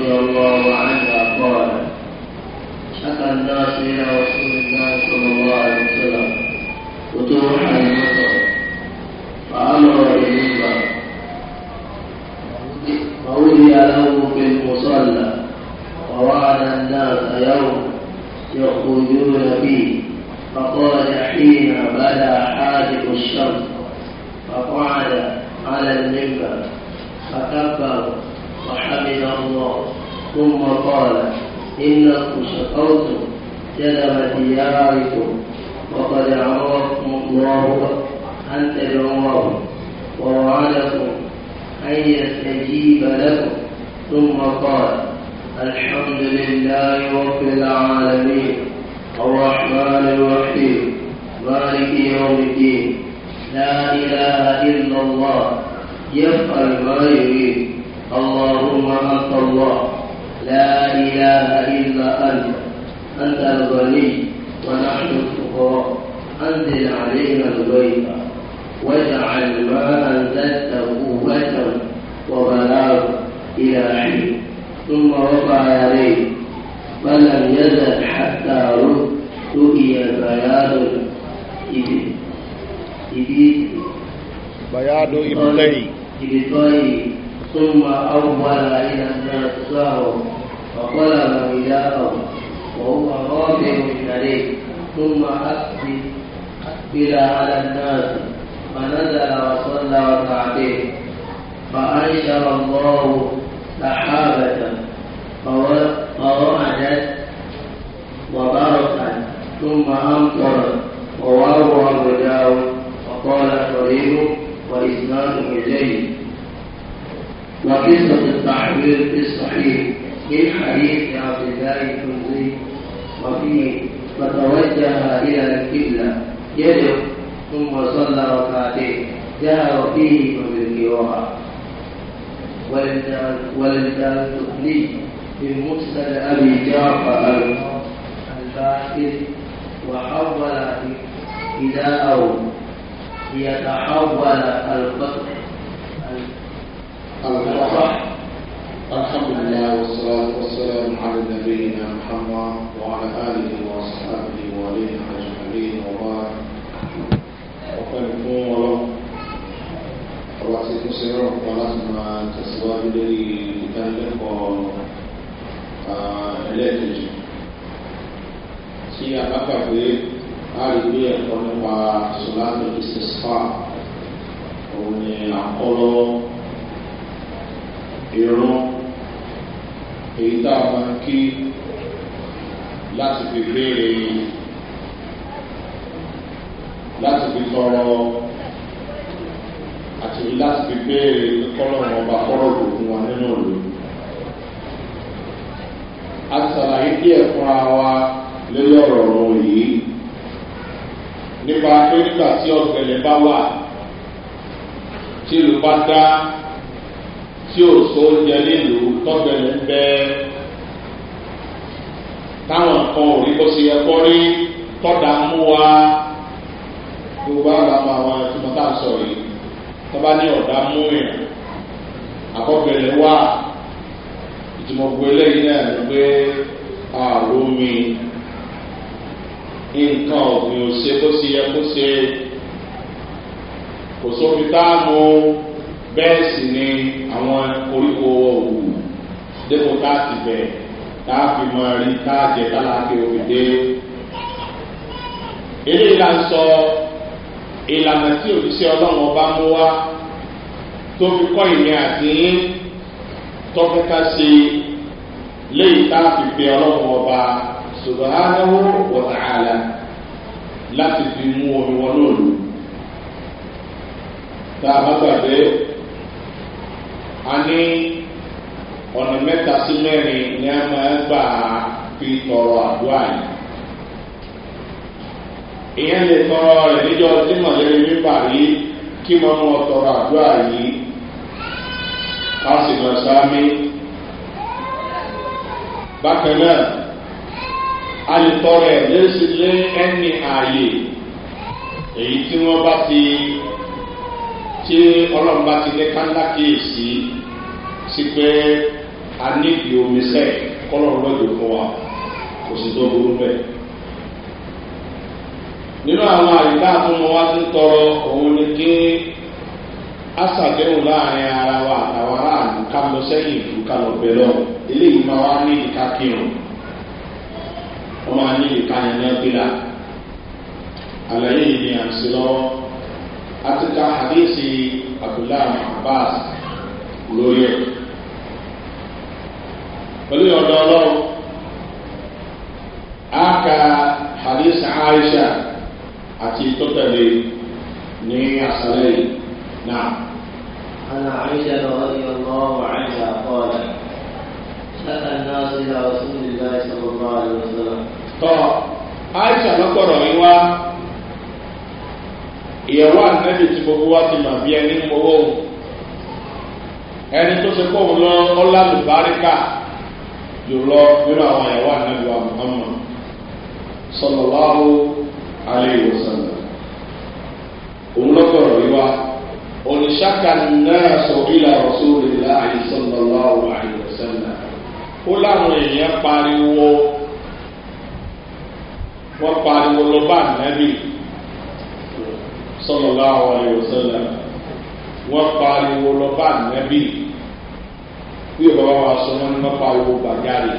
رضي الله عنها قال شكى الناس إلى رسول الله صلى الله عليه وسلم فتوح المطر فأمر بالمنبر فولي له في المصلى ووعد الناس يوم يخرجون فيه فقال حين بدا حادث الشمس فقعد على المنبر فكبر ثم قال إنكم شكرتم جذب دياركم وقد أمركم الله أن تدعوه ووعدكم أن يستجيب لكم ثم قال الحمد لله رب العالمين الرحمن الرحيم مالك يوم الدين لا إله إلا الله يفعل ما يريد اللهم أنت الله لا إله إلا أنت أنت الغني ونحن الفقراء أنزل علينا الغيث واجعل ما أنزلته قوة وبلاغ إلى حين ثم رفع يديه فلم يزل حتى رؤي بياض إبليس بياض إبليس ثم أول إلى الناس سهوا فقلب إياهم وهو رافع الكريم ثم أقبل أقبل على الناس فنزل وصلى ركعتين فأنشر الله سحابة فوعدت وبركت ثم أمطرت رواه أبو داود وقال شريف وإسناده جيد وقصة التعبير في الصحيح من حديث عبد الله الحمزي وفيه فتوجه إلى القبلة يدعو ثم صلى ركعتين جهر فيه بالقراءة وللدارقطني من مسند أبي جعفر الباحث وحول إداءه ليتحول القتل الحمد لله والصلاة والسلام على نبينا محمد وعلى آله وصحبه وعليه أجمعين وبارك وكان يكون ولو رأسكم سيرا ولازم تسوى بدري تنلق ẹlẹ́ẹ̀kejì tí a bá gbàgbé a lè gbé ẹ̀kọ́ nípa sọlá tó ti ṣe spa òun ni àkọ́lọ́ ìrún èyí tá a máa kí láti fi béèrè láti fi tọrọ àti láti fi béèrè kọ́lọ̀ ọba kọ́lọ̀ ògùn wa nínú òòlù. a ti sàlàyé díẹ̀ fúnra wa lórí ọ̀rọ̀ ọ̀run yìí nípa pé nígbà tí ọ̀gbẹ̀lẹ̀ bá wà tí ìlú dá tí ò so oúnjẹ nílùú tọ́gbẹ̀lẹ̀ ń bẹ táwọn nǹkan ò rí bó ṣe yẹ kọ́ rí tọ́da mú wa gbogbo àwọn àwọn àwọn ẹ̀túmọ̀ tá a sọ yìí tọ́ba ní ọ̀dà mú yàn àkọ́gbẹ̀lẹ̀ wà ìtumọ̀ eléyìí náà ló gbé àrùn mi nǹkan ọ̀gbìn ò ṣe bó ṣe yẹ kó ṣe kò sómi táàmù bẹ́ẹ̀ sì ni àwọn koríko òwú dépò táàsì bẹ̀ táàfin máa rí táàjẹ tálákì òfìdé. eléyìí la sọ ìlànà tí òṣìṣẹ́ ọlọ́run ọba mú wá tó fi kọ́ ìyẹn àti tọ́kẹ́ká sí léyìí táàfin pé ọlọ́run ọba subahánahó wọ̀tàhálà láti fi mú omi wọn lòlù. tá a bá gbàgbé. Ani ní ọ̀nà mẹ́ta sí mẹ́rin ni a máa gbà fi tọrọ àdúrà yìí ìyẹn lè tọrọ rẹ̀ níjọ tí mọ̀lẹ́bí mi bà rí kí wọ́n mọ tọrọ àdúrà yìí ká sì lọ sáámi bákan náà a lè tọrọ ẹ̀ lẹ́sìn lé ẹni ààyè èyí tí wọ́n bá ti tí ọlọ́run ti lé káńdá kéèsì sí pé a níbi omi sẹ́ kọ́lọ̀ lọ́jọ́ fún wa kò sì tó burú bẹ́ẹ̀. nínú àwọn àyíká àtúnmọ̀ wá ti ń tọrọ òun ni kí a ṣàdéhùn láàrin ara wa àtàwọn aráàlú ká lọ sẹ́yìn ìlú ká lọ bẹ̀ lọ eléyìí máa wá ní ìka kírun wọ́n máa ní ìka yẹn ní ọ́bílà àlàyé yìí ni à ń ṣe lọ́wọ́ àti ká àdéhìí sí abdullahi abbas lórí ẹ̀ pẹ̀lú ọ̀dọ̀ ọlọ́run a ka hadith aisha àti tọ́tẹ̀lé ní àṣàlẹ̀ yìí náà. عن عائشة رضي الله عنها قالت سأل الناس إلى رسول الله صلى الله عليه وسلم. طبعا عائشة لقرأ ìyàwó ànábì tí gbogbo wa ti mà bí ẹni mọ́wọ́ ẹni tó ṣe kó òun lọ ọlá lùbáríkà jùlọ nínú àwọn ẹ̀wà nàbíwá muhammad sọlọ́láhù aléwòsàn òun lọ́kọ̀ọ̀rọ̀ wíwá oníṣàkà náà sọ ìlà rọ̀ṣọ́lélá àìsọ̀lọ́láhù aléwòsàn ó láwọn èèyàn pariwo wọ́n pariwo lọ bá nàbí sọlọ́láhù aléwòsàn wọ́n pariwo lọ bá nàbí bí ìbáwá wa sọ wọn ní wọn pariwo gbàjáre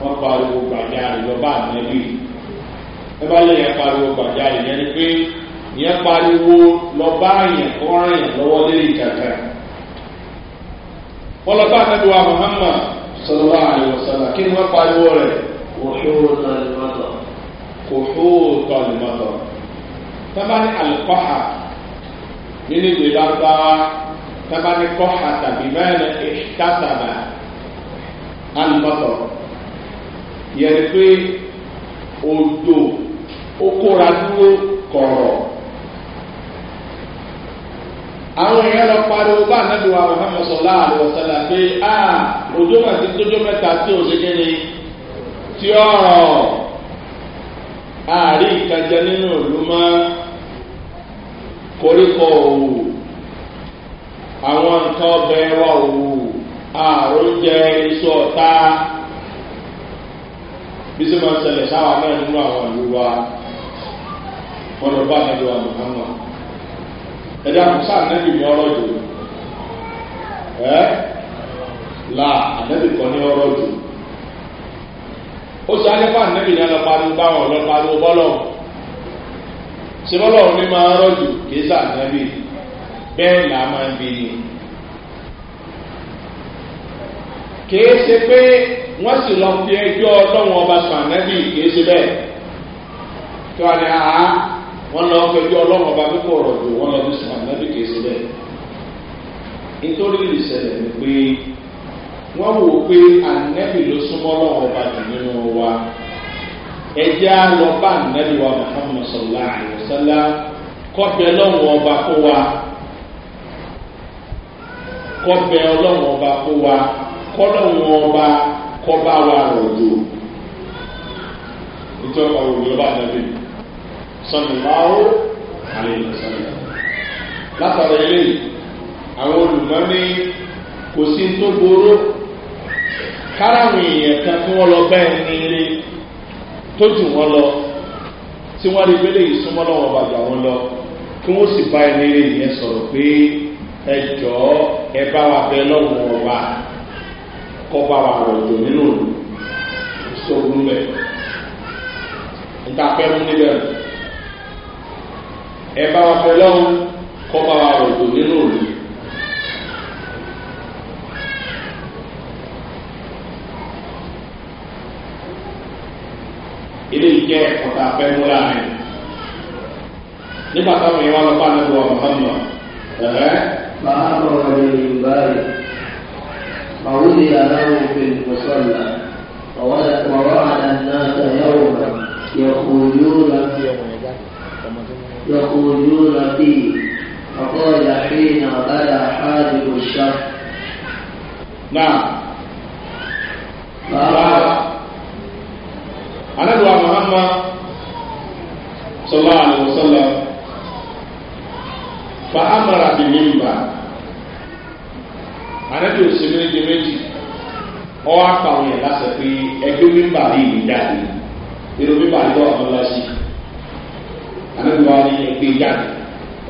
wọn pariwo gbàjáre lọba ànábì ẹ bá lè yẹn pariwo gbàjáre yẹn ni pé yẹn pariwo lọba yẹn kọrin yẹn lọwọ lórí kankan wọn lọba ànábì wa muhammad sọlá àyọsọlá kí ni wọn pariwo rẹ kò hó tọlùmọtọ kò hó tọlùmọtọ tábà ní alùpàá nínú ìgbéláwá tabani kɔhata bimɛnɛ ihtasaba alibɔtɔ yɛrɛ pé odo okóra dúró kɔrɔ àwọn èèyàn lọ pariwo bá anabi wa muhammed sọlá àlùwọ̀sálà pé a ojú ma ti tójú mẹ́ta tí o ṣe kéde tí ọ̀rọ̀ àárín ìkàjẹ nínú ìlú mọ́ koríko òwò àwọn nǹkan ọbẹ̀ wà wò àrùn jẹ iṣu ọ̀tá bí sọ ma ń ṣẹlẹ̀ sáwà náà nínú àwọn ìlú wa wọn lọ bá ẹgbẹ́ wa muhammad ẹ̀dá musa anabi ní ọrọ̀ jù ẹ́ la anabi kọ́ ní ọrọ̀ jù ó sọ alẹ́pà anabi ní ọlọ́pàá báwọn ọlọ́pàá ló bọ́lọ̀ ṣe bọ́lọ̀ ní máa rọ̀ jù kì í sà anabi. bẹ́ẹ̀ là máa ń béèrè kìí ṣe pé wọ́n sì lọ fi ẹjọ́ ọlọ́run ọba sànẹ́bì kìí ṣe bẹ́ẹ̀ kí wọ́n ní àá wọ́n lọ fi ẹjọ́ ọlọ́run ọba pípọ̀ ọ̀rọ̀ wọ́n lọ fi sànẹ́bì kìí ṣe bẹ́ẹ̀ nítorí pé wọ́n wò ó pé ànẹ́bì ọba jù nínú wa ẹjẹ́ á ọba fún kọ́bẹ ọlọ́run ọba kó wa kọ́lọ́run ọba kọ́bá wa rọ̀jò nítorí ọ̀rọ̀ òjò bá dàbí sọ̀nìmáwó àlejò sọ̀nìmá. látàrí eléyìí àwọn olùmọ́ ní kò sí tó gbóró káráwọn èèyàn kan tí wọ́n lọ bẹ́ẹ̀ ní ilé tó jù wọ́n lọ tí wọ́n rí gbélé yìí súnmọ́ lọ́wọ́ bàjẹ́ wọn lọ kí wọ́n sì bá ẹni ilé yẹn sọ̀rọ̀ pé ẹ jọ̀ọ́ ẹ bá wa bẹ lọ́wọ́ ọba kọ́ bá wa rọ̀ jò nínú ìṣòro rẹ̀ níta fẹ́ mú níbẹ̀ ẹ bá wa bẹ lọ́wọ́ kọ́ bá wa rọ̀ jò nínú ìlú. eléyìí jẹ́ ọ̀tá fẹ́ mú láàrin nígbà táwọn yẹn wá lọ bá nàbọ̀ ọ̀hánà ẹ̀hẹ́. فأمر للباري فوضع له في المصلى ووعد الناس يوما يخرجون يخرجون فيه فقال حين بدا حادث الشر نعم أنا محمد صلى الله عليه وسلم فأمر بمنبر ànábì òsè méje méjì ọwọ́ àpàwọn yẹn lásẹ̀ pé ẹgbẹ́ mímbà yìí ní jáde irú mímbà yìí wà lọ́la sí ànábì wà ní ẹgbẹ́ jáde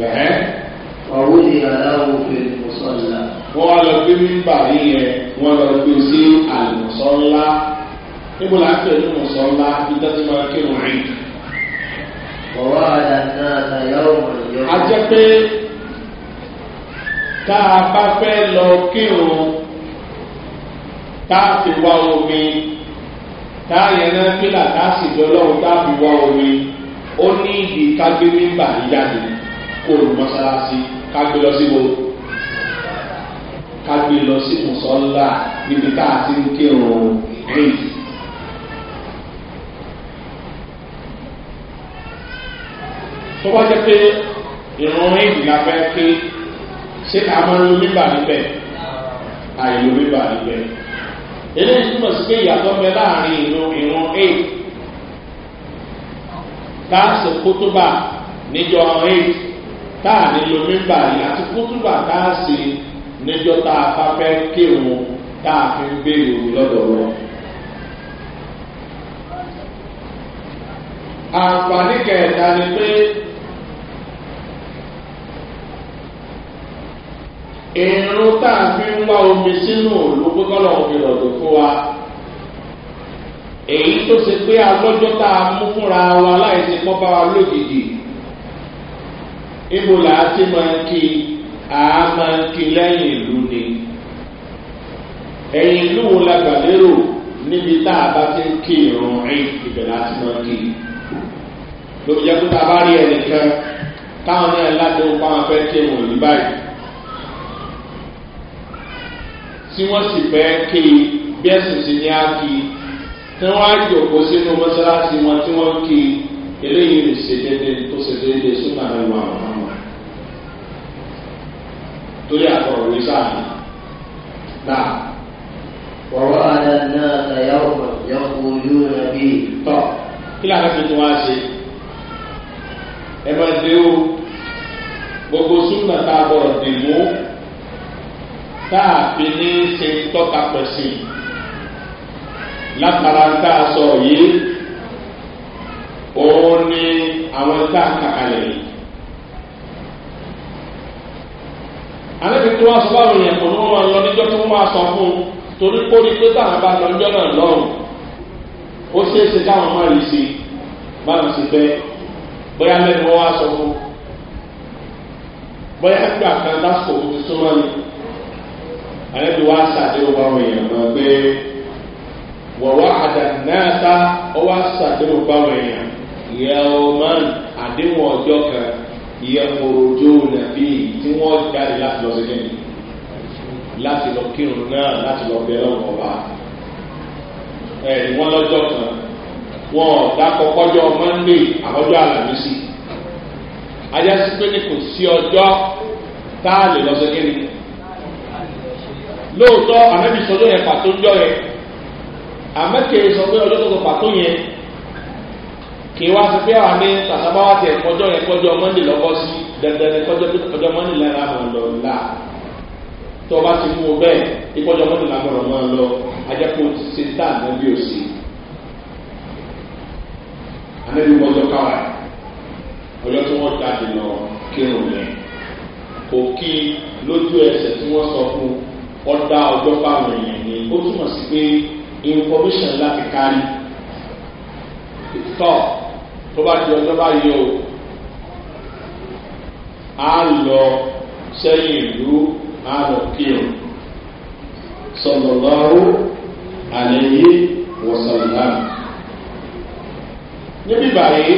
ẹ̀hẹ́. ọ̀wọ́ ni aláwọ̀ fẹ́ mọ̀sánlá. wọ́n wá lọ gbé mímbà yìí yẹn wọ́n lọ gbé e sí àlùmọ̀sánlá níbo la ń pè ní mọ̀sánlá níta tí máa kírun rìn. ọ̀wọ́ àdàtà àyà ọ̀mọ̀ yọ. a jẹ́ pé tá a bá fẹ́ lọ kírun tá a fi wá omi tá a yẹn náà kílà tá a sì jọ lọ́wọ́ tá a fi wá omi ó ní ìdí kágbé mímbà yíyáde kó o mọ́ṣáláṣí kágbé lọ síbo kágbé lọ sí mùsọ́lá níbi tá a ti ń kírun rìn. tó bá jẹ́ pé ìrún rìn la fẹ́ kí ṣé a máa ń lo bíbà níbẹ̀ àìlo bíbà níbẹ̀ eléyìí túmọ̀ sí pé ìyàtọ̀ bẹ láàrin ìlú ìran a láàṣẹ kótóbà níjọ a tá a nílò bíbà yìí àti kótóbà tá a ṣe níjọ tá a bá fẹ́ kéwọn tá a fi ń béèrè òun lọ́dọ̀ wọn. àǹfààní kẹta ni pé. irun tá a fi ń wá omi sínú òòlù gbígbọ́nà omi rọ̀dọ̀ fún wa èyí tó ṣe pé alọ́jọ́ tá a mú fúnra wa láì ṣe kọ́ bá wa lójijì ibo là á ti máa ń kí a máa ń kí lẹ́yìn ìlú ni ẹ̀yìn ìlú wo la gbà lérò níbi tá a bá ti ń kí irun rí ibẹ̀ là á ti máa ń kí lóbi jẹ́ pé tá a bá rí ẹnìkan táwọn náà ládùn fáwọn afẹ́ kí irun yìí báyìí. tí wọ́n sì fẹ́ ké bí ẹ̀sìn sí ní ákì tí wọ́n á jòkó sínú mọ́sálásí wọn tí wọ́n ké eléyìí lè ṣe déédéé tó ṣe déédéé sínú àwọn ìwà àwọn torí àtọ̀rọ̀ rí sáà náà. wọ̀rọ̀ àdá náà tàyàwó yọkùn ojú rẹ̀ bíi tọ̀. kí làwọn fi tún wá ṣe ẹ máa dé o gbogbo súnà tá a bọ̀rọ̀ dè mú káàfin ní ṣe tọ́ka pẹ̀sìn látara tá a sọ yìí òun ni àwọn tá a kàkàlẹ̀ yìí. àlejò tó wá sọ báwọn yẹn kò ní wọn lọ níjọ tó wọn sọ fún un torí kó ní pé táwọn bá lọ níjọ náà lọrùn ó ṣeéṣe káwọn má rí sí báwọn sì fẹ́ bóyá mẹ́rin wọn wá sọ fún un bóyá gbà kan lásìkò tó ti súnmọ́ ni àlejò wa ṣàdéhùn báwọn èèyàn lọ pé wọ̀wá àdànáta ó wá ṣàdéhùn báwọn èèyàn yẹ̀ọ́mán àdéhùn ọjọ́ kan yẹ̀kọ̀rọ̀jọ́ nàbí tí wọ́n jáde láti lọ sí kẹ́mi láti lọ kírun náà láti lọ bẹ lọ́wọ́ ọba ẹ̀ wọ́n lọ́jọ́ kan wọn ò dákọ̀ kọjọ́ monday àkọ́jọ́ àlàmísì ajásí pé ní kò sí ọjọ́ tá a lè lọ sí kẹ́mi lóòótọ́ àmẹ́bí sọjọ́ yẹn pàtó ń jọ yẹn àmẹ́kẹ́ sọ pé ọjọ́ tó sọ pàtó yẹn kì í wá sí pé àwọn ní tàṣàbá wá tiẹ̀ kọjọ́ yẹn kọjọ́ mọ́ndé lọ́kọ́ sí dandan ní kọjọ́ pé kọjọ́ mọ́ndé lára àwọn lọ la tó o bá ti mú o bẹ́ẹ̀ kí kọjọ́ mọ́ndé lára àwọn máa lọ ajẹ́pọ̀ ṣe tá ànábì òsì ànábì kọjọ́ káwa ọjọ́ tí wọ́n jáde lọ kírun yẹn kò kí lójú ẹsẹ̀ tí wọ́n sọ fún un ọ̀dà ọjọ́ fáwọn èèyàn ni ó túmọ̀ sí pé information láti kárí tọ́ tó bá di ọjọ́ báyìí o á lọ sẹ́yìn ìlú á lọ kí o sọlọ́lọ́rù àlẹ́yé wọ̀sọ̀lá. níbí báyìí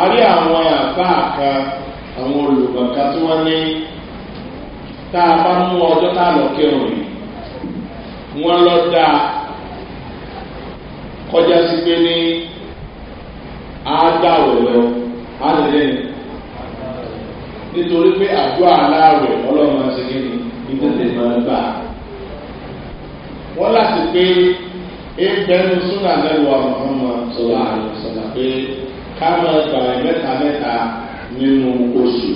a rí àwọn àbá kan àwọn olùgbọ̀n kan tí wọ́n ní tá a bá mú ọjọ́ tá a lọ kírun yìí wọ́n lọ da kọjá sí pé ní àádáwẹ̀ lọ àdìrẹ́yìn nítorí pé àdúrà aláàwẹ̀ ọlọ́run máa ṣe kíni ìdílé máa gbà wọ́n láti pé ìgbẹ́nu súnà lẹ́wọ̀ àmọ́mọ́ sọ̀rọ̀ àrùn sọ̀rọ̀ pé ká máa gbàwẹ̀ mẹ́ta mẹ́ta nínú oṣù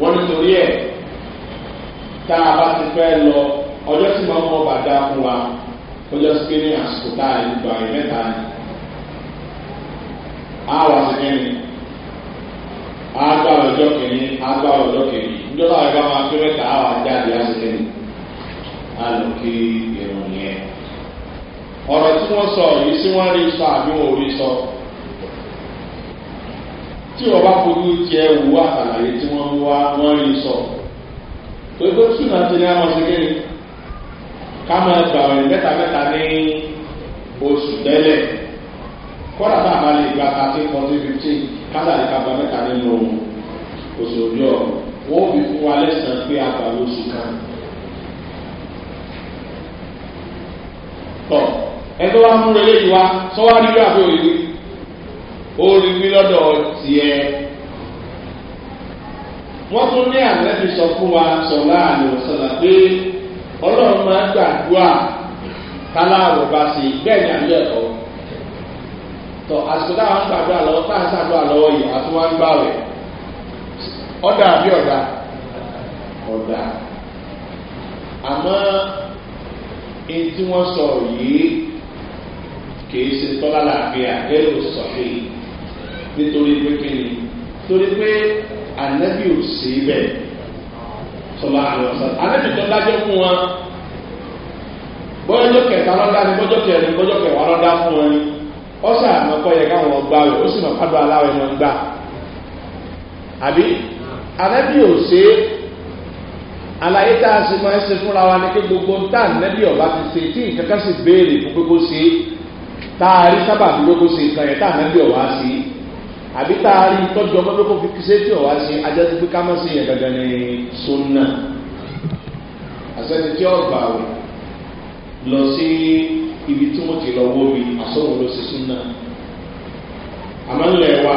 wọ́n nítorí ẹ̀. tá a bá ti fẹ́ lọ ọjọ́ tí màá mọ bàdá fún wa ọjọ́ sí a yìí gba ni a wà sí kẹ́ni a gbà ọjọ́ kẹ́ni a gbà ọjọ́ kẹ́ni níjọba àgbà máa mẹ́ta a wà jáde a sì a lọ kí irun ọ̀rọ̀ tí wọ́n sọ yìí sí wọ́n rí sọ àbí wọn sọ tí wọ́n bá fojú tiẹ̀ wù àtàlàyé tí wọ́n wá sọ. torí pé sùn náà ti ní àwọn ṣe kéde ká máa gbà ọ̀rẹ́ mẹ́ta mẹ́ta ní oṣù tẹ́lẹ̀ kọ́dà tá a máa lè gba thirteen fourteen fifteen kádà lè ka gba mẹ́ta nínú oṣù ojú wọ́n fi fún wa lẹ́sàn pé a gbà lóṣù kan. tọ̀ ẹgbẹ́ wa múra eléyìí wa sọ́wárí rí àbí òyìnbí ó rí mi lọ́dọ̀ tiẹ̀ wọ́n tún ní àlẹ́bí sọ fún wa sọ̀lá àlùsọ̀lá pé ọlọ́run máa gbàdúrà káláàrọ̀ bá ṣe bẹ́ẹ̀ ni àlẹ́ ẹ̀kọ́ tọ́ àsìkò táwọn gbàdúrà lọ́wọ́ táwọn sàdúrà lọ́wọ́ yìí àti wọ́n ń gbà rẹ̀ ọ̀dà àbí ọ̀dà ọ̀dà àmọ́ èyí tí wọ́n sọ yìí kìí ṣe tọ́lá làbíà ẹ̀rọ sọ̀fẹ́ nítorí pé kíni torí pé ànábì ò sí bẹ́ẹ̀ sọlá àlọ́sà ànábì tó dájọ́ fún wọn bọ́jọ́ kẹta lọ́dá ni bọ́jọ́ kẹrin bọ́jọ́ kẹwàá lọ́dá fún wọn ni ó sì àmọ́kọ́ yẹ káwọn gbá rẹ̀ ó sì mọ̀ pádọ́ aláwẹ̀ náà gbà àbí ànábì ò sí àlàyé tá a sì máa ń ṣe fúnra wa ni pé gbogbo tá ànábì ọ̀bá ti ṣe tí nǹkan kan sì béèrè fún pé kó tá a rí sábà fún pé kó ṣe nǹkan tá ànábì ọ̀wá sí àbí tá a rí tọ́jú ọmọ pé kò fi kí sétí ọ̀wá sí ajẹ́sí pé ká mọ̀ sí yẹn gangan ní sunna àṣẹni tí ọgbà rẹ̀ lọ sí ibi tí wọ́n ti lọ wó mi àsọ̀rọ̀ ló ṣe sunna àmọ́ ńlẹ̀ wa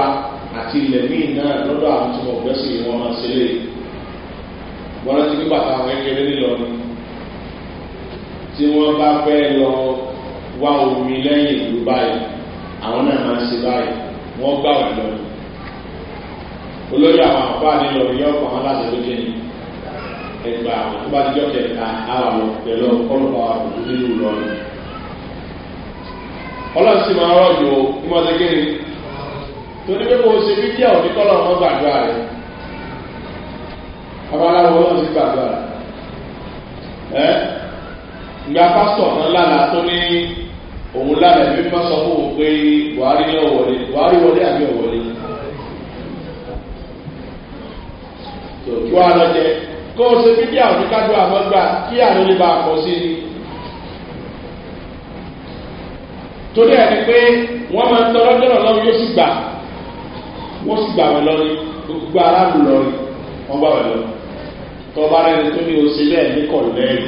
àti ilẹ̀ míì náà lọ́dọ̀ àwọn tí wọ́n gbẹ́sì wọn máa ṣe lè wọ́n rántí nígbà táwọn kékeré nílọrin tí wọ́n bá fẹ́ lọ wá omi lẹ́yìn ìlú báyìí àwọn náà máa ṣe báyìí. wọn gbà wẹ̀ lọ. olórí àwọn àfáà ní lọ yọ wọn láti lókè ní ẹgbà àwọn tó bá ti jọ kẹta ara lọ pẹ̀lú ọlọ́pàá àbùkù nínú lọ́rùn. ọlọ́run sì máa pé ṣe òní kọ́lọ̀ gbàdúrà gbàdúrà ìgbà pásítọ̀ tó ní. òun lára ẹ̀mí fẹ́ sọ fún òun pé buhari ní ọ̀wọ́lé buhari wọlé àbí ọ̀wọ́lé tó kí wàá lọ jẹ kó o ṣe bí bí àwọn oníkádùn àmọ́gbà kí àrùn lè bá a kọ́ sí ni torí ẹni pé wọ́n máa ń tọrọ dọ́rọ̀ lọ́wọ́ yóò sì gbà wọ́n sì gbà wọ́n lọ́rí gbogbo aráàlú lọ́rí wọ́n gbà wọ́n lọ́rí tọ́ba rẹ̀ tó ní o ṣe bẹ́ẹ̀ ní kọ̀ọ̀lẹ́rì.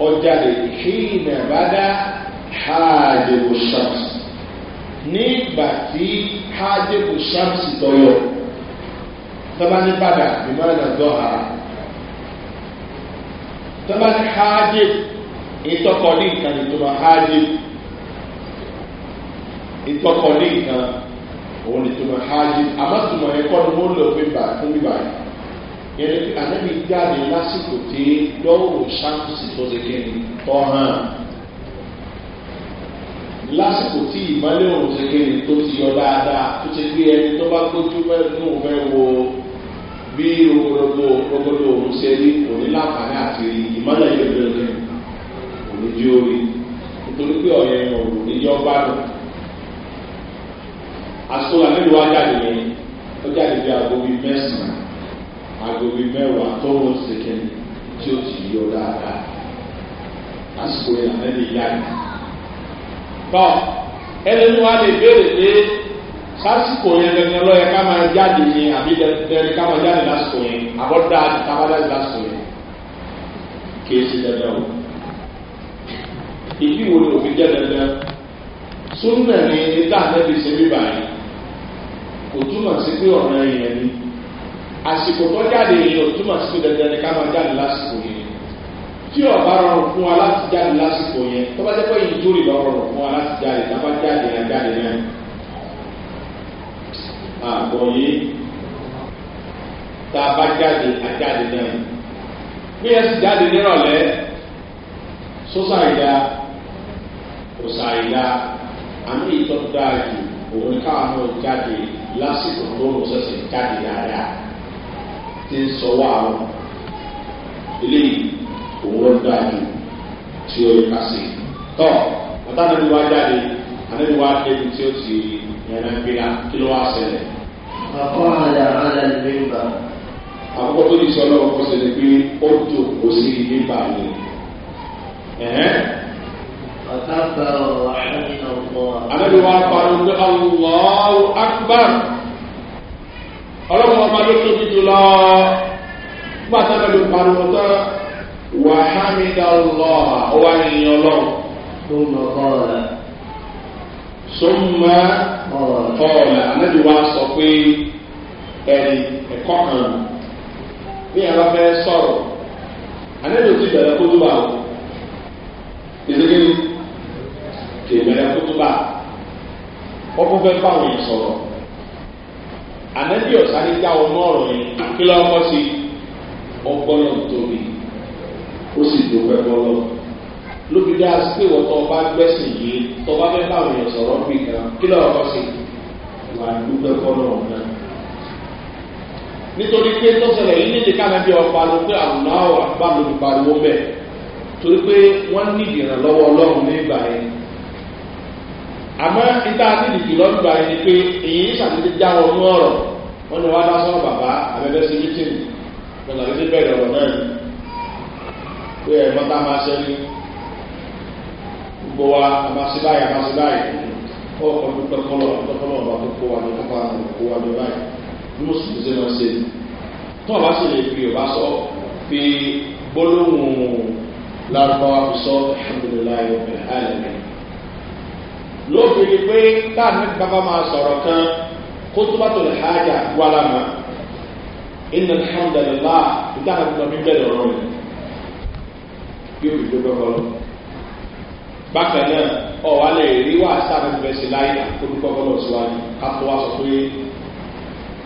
ọjàde kéèyàn bá dá hajjibu shams nígbà tí hajjibu shams tọyọ tọ́ba ní padà ìmọ̀lẹ́dà dọ́ha tọ́ba ní hajjibu ìtọ́kọ̀ ní nǹkan ìtumọ̀ hajjibu ìtọ́kọ̀ ní nǹkan òun ìtumọ̀ hajjibu àmọ́ tùmọ̀ ẹ̀kọ́ ni mo lò fún bíbá yìí yẹn pé ànábì jáde lásìkò tí lọ́wọ́ ṣáǹsì tó ṣe kí ni tọ́ hàn lásìkò tí ìmọ̀lẹ́ òun ṣe kí ni tó ti yọ dáadáa tó ṣe pé ẹni tó bá gbójú mẹ́rin òun fẹ́ wo bí rogodo rogodo òun ṣe rí kò ní láǹfààní àti ìmọ̀lẹ́ yóò bẹ̀rẹ̀ kò ní jí orí nítorí pé ọ̀yẹ́ yẹn ò ní yọ gbádùn àsọ̀rọ̀ àmì ìlú wa jáde yẹn ó jáde bí aago bíi mẹ́sàn-án agobi mẹ́wàá tọ́wọ́ sẹ́kẹ̀n tí ó ti yọ dáadáa lásìkò yẹn lẹ́nu ìyá yìí. tọ́ ẹlẹ́nu wa lè béèrè pé sásìkò yẹn lẹ́nu lọ́yẹ ká máa jáde yẹn àbí lẹ́nu ká máa jáde lásìkò yẹn àbọ̀dá ká máa jáde lásìkò yẹn kì í ṣe dandan o. ìdí wo ni òfin jẹ́ dandan? súnmọ̀ ni níta nẹ́bi ṣe bíbá yìí kò túmọ̀ sí pé ọ̀nà yẹn ni àsìkò tó jáde yìí ò túmọ̀ sí dandan ni ká máa jáde lásìkò yẹn tí ọba rọrùn fún wa láti jáde lásìkò yẹn tó bá jẹ́ pé yìí dúró ìlọ rọrùn fún wa láti jáde lábá jáde náà jáde náà àgbọ̀ yìí tá a bá jáde àjáde náà bí ẹ sì jáde nírọ̀lẹ́ sọ́sà ìdá òsà ìdá àmì ìtọ́jú dáa jù òun káwọn náà jáde lásìkò tó ń sẹ̀sẹ̀ jáde dáadáa ní sọ́wọ́ àwọn eléyìí òun ló dáa jù tí ó yẹ ká sí i. tọ́ bàtà nàbí wá jáde ànábi wá débi tí ó ti yàrá gbéra kí ló wá sẹlẹ̀. àkọ́ àyà àyà ìlú ìgbà. àkókò tó di sọ́lọ́ ọkọ̀ sẹ́ni pé ó jò kó sí ilé ìbàlẹ̀. bàtà bá ọ̀rọ̀ nínú ọ̀pọ̀. ànábi wá parí pé aláwọ̀ akbar ọlọ́run ọba ló tóbi jù lọ nígbà tí wọn lè pariwo tán wà hámídà lọ wà nìyẹn ọlọ́run tó ń lọ kọ́ra rẹ̀ sọ́mà ọ̀rọ̀ ànábi wa sọ pé ẹ̀rí ẹ̀kọ́ kan ní ẹ̀rọ fẹ́ sọ̀rọ̀ ànábi ti bẹ̀rẹ̀ kótóbà o ìdíkẹ́ni kì í bẹ̀rẹ̀ kótóbà wọ́n fún fẹ́ fáwọn yẹn sọ̀rọ̀ ànábì ọ̀sán já ọmọ ọ̀rọ̀ yẹn kí lọ́wọ́ kọ́ sí ọgbọ́nà tóbi ó sì dúpẹ́ bọ́lọ́ lóbi dá sí pé wọ́n tó bá gbẹ́sìn yìí tó bá fẹ́ bá àwọn ìsọ̀rọ̀ bì kan kí lọ́wọ́ kọ́ sí wà dúpẹ́ bọ́lọ́ ọ̀nà. nítorí pé tó yìí níjẹ́ ká nàbí ọba ló pé àwùná wà bá lóbi pariwo bẹ́ẹ̀ torí pé wọ́n nídìí ìrànlọ́wọ́ ọlọ́run nígbà yẹn àmọ́ níta tí ìdìbò lọ́dún báyìí ni pé èyí ṣàdédé já ọmú ọ̀rọ̀ wọn ni wọ́n á dá sọ́rọ̀ bàbá abẹ́bẹ́ sí mítìnì wọn làbí ti bẹ̀rẹ̀ ọ̀rọ̀ náà pé ẹ̀ mọ́tà máa ṣẹ́ ní gbogbo wa àmásíláyà àmásíláyà ọkọ̀ dúpẹ́ kọ́lọ̀ àtọ́kọ́lọ̀ ọba tó kó wa ní kápá àwọn kó wa ní báyìí ní mùsùlùmí ṣe máa ṣe tó ọba sì lè fi ọba sọ fi gbólóhùn lárúbáwá fi sọ alhamdulilayi ọ̀bẹ̀ lóbìnrin pé táàmì bàbá máa sọ̀rọ̀ kan kó tó bá tó lè hájà wà lámà iná alhamdulilá ìdáhà tó fi bẹ̀rẹ̀ ọ̀rọ̀ rẹ̀ bí o fi gbé bọ́kọ́ lọ. bákan náà ọ̀wá lè rí wà sáré fẹsẹ̀ láyé àkókò bọ́lọ̀ síwájú ká tó wá sọ pé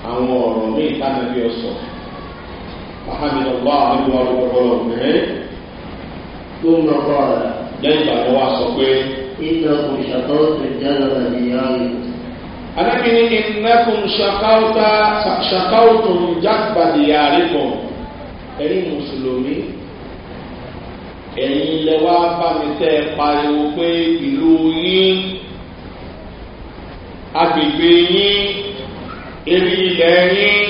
àwọn ọ̀rọ̀ míì táàmì bí ọ sọ. Mahamid Allah nínú ọdún ọgbọ́n ọ̀gbìn tó ń rọ̀kọ́ rẹ̀ lẹ́yìn ìgbà tó wá sọ pé. إنكم شكوتم جلب دياركم Anabi ni innakum shakauta shakautum jakba diyarikum. Ẹ̀yin Mùsùlùmí, ẹ̀yin lẹ wá bá mi tẹ́ ẹ pariwo pé ìlú yín, agbègbè yín, eré ilẹ̀ yín,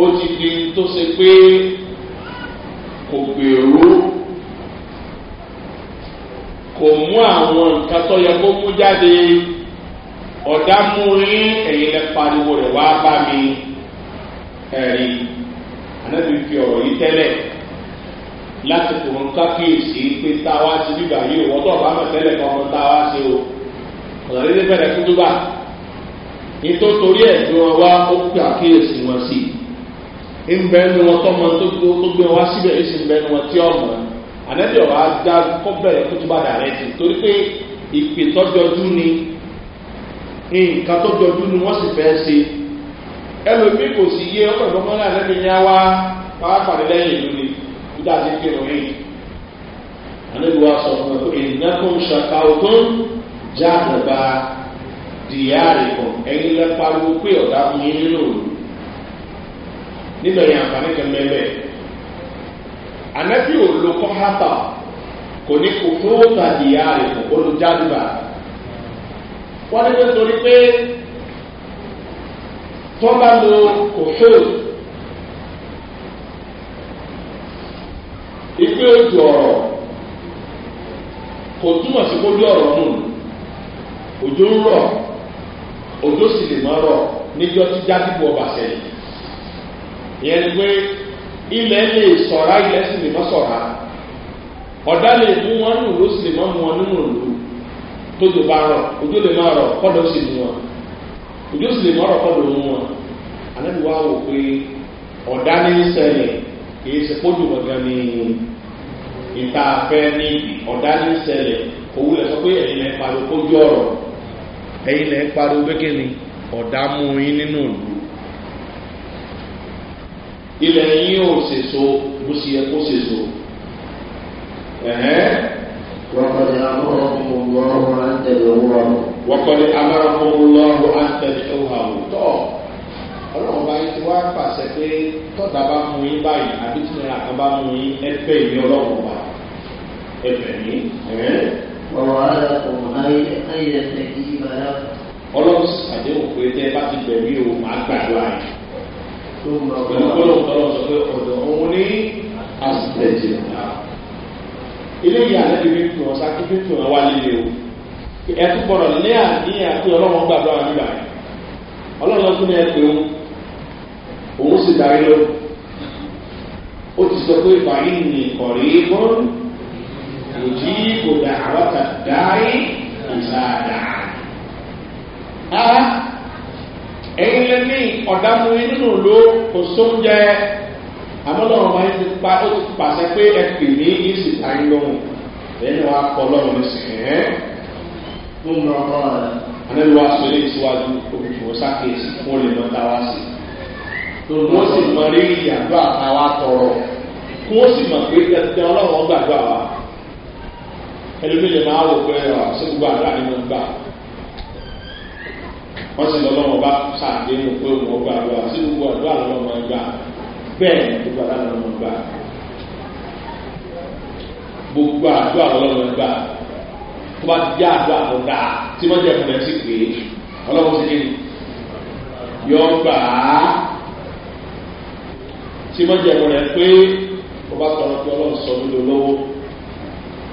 ó ti di tó ṣe pé kò gbèrú kò mú àwọn nǹkan tó yẹ kó mú jáde ọ̀dá mú rí ẹ̀yìn lẹ pariwo rẹ̀ wá bá mi ẹ̀rí anábì fi ọ̀rọ̀ yìí tẹ́lẹ̀ láti kò ń kákíyèsí pé táwa ti bíbà yìí òwò tó ọ̀bá mọ̀ tẹ́lẹ̀ kan mọ̀ táwa ṣe o ọ̀rọ̀ lédè bẹ̀rẹ̀ fún dúbà nítorí ẹ̀ ni wọ́n wá ó pè àkíyèsí wọn sí i ń bẹ́ẹ̀ ni wọ́n tọ́ mọ tó gbé wọn wá síbẹ̀ èsì ń bẹ́ẹ̀ ni wọ́n tí ọ̀mọ́ ẹ̀ ànẹ́bí ọ̀wá dá kọ́bẹ̀rẹ̀ kó tó bá dà rẹ̀ sí torí pé ìpè tọ́jọ́jú ni nǹkan tọ́jọ́jú ni wọ́n sì fẹ́ ṣe ẹlòmíì kò sì yé ọkọ̀ ìfọ́nmọ́ náà lẹ́nu yẹn wá pàápàá lẹ́yìn ìlú ni kúdà sí pé òun yìí ànẹ́bí wa sọ fún ẹ pé ìnákùn ṣàkà òkun já àgbà dìyàrì kan ẹ̀yin lẹ́pariwo pé ọ̀dà fún yín nínú òru níbẹ̀ yẹn àǹfààní kẹ́mẹ́mẹ́ ànábì ò lo kọ́hátà kò ní kò fún òòtà ìyá rẹ̀ kò kó lu jádùbà wọ́n ní nítorí pé tọ́ba lo kò fóòtù ìpè ojú ọ̀rọ̀ kò túmọ̀ sí kójú ọ̀rọ̀ nù òjò rọ̀ òjò sì rọ̀ níjọ́ tí jádùbà ọba sẹ́yìn ìyẹn ni pé. ilẹ̀ lè sọ̀rá ilẹ̀ sì lè má sọ̀rá ọ̀dá lè mú wọn nù ló sì lè má mú wọn nínú òlu tójú bá rọ ojú lè má rọ kọ́dọ̀ sì mú wọn ojú sì lè má rọ kọ́dọ̀ mú wọn àlẹ́ wá wò pé ọ̀dá ní sẹ́yìn kì ṣe kójú gbọ̀ngàn ní ìta afẹ́ ní ni ọ̀dá mú yín ilẹ̀ yín ò sèso bó sì yẹ kó sèso. wọ́kọ̀dé amọ̀rọ̀kùnmọ̀lọ́wọ́ á ń tẹ̀lé owó ọ̀hún. wọ́kọ̀dé amọ̀rọ̀kùnmọ̀lọ́wọ́ á ń tẹ̀lé owó ọ̀hún tọ́ ọlọ́run bá yín ti wá pàṣẹ pé tọ́ta bá mú yín báyìí àbí tí nira kan bá mú yín ẹgbẹ́ ìní ọlọ́run bá ẹgbẹ́ ní. ọ̀rọ̀ alákùnrin ayé ayé ẹsẹ̀ kì í ọlọ́run sì ṣàdéhùn pé tẹ́ bá ti gbẹ̀mí o máa gbàdúrà yìí pẹ̀lú gbọ́dọ̀ kọ́lọ́ sọ pé ọ̀dọ̀ òun ní àsìtẹ̀jì eléyìí àlẹ́ bíbí tún ọ sáké bí tún ọ wá líle o ẹtú gbọdọ̀ ní àníyàn pé ọlọ́run gbàdúrà nígbà yẹn ọlọ́run lọ́kùn ní ẹgbẹ́ òun òun sì darí lọ ó ti sọ ẹ̀yin lè ní ọ̀dàmú nínú ló kò sóúnjẹ amọ́lọ́run máa ń pa ó ti pàṣẹ pé ẹ pè ní ìsìta yín lóhùn lẹ́yìn wa kọ́ lọ́rùn ní sìn ẹ́ mo mọ ọmọ rẹ anẹ́lú wa sọ eléyìí síwájú omi ìfowó sákèésì fún olè lọ́ta wá sí lòun ó sì mọ rírì àdó àtàwà tọrọ kí wọ́n sì mọ̀ pé dandan ọlọ́run ọgbàdo àwa ẹlòmílẹ̀ máa wò pé ọ̀ sí gbogbo àdó àdínú gbà wọ́n sì lọ́wọ́ bá ṣàdéhùn pé wọ́n gba àdúrà sí gbogbo àdúrà lọ́wọ́ máa gbà bẹ́ẹ̀ gbogbo àdúrà lọ́wọ́ máa gbà gbogbo àdúrà lọ́wọ́ máa gbà tó bá ti dé àdúrà tó dà tí wọ́n jẹ́ fúnẹ̀ sí pé ọlọ́wọ́ sí kéde yọ gbà á tí wọ́n jẹ́ fúnẹ̀ pé wọ́n bá tọrọ pé ọlọ́run sọ mí lọ́wọ́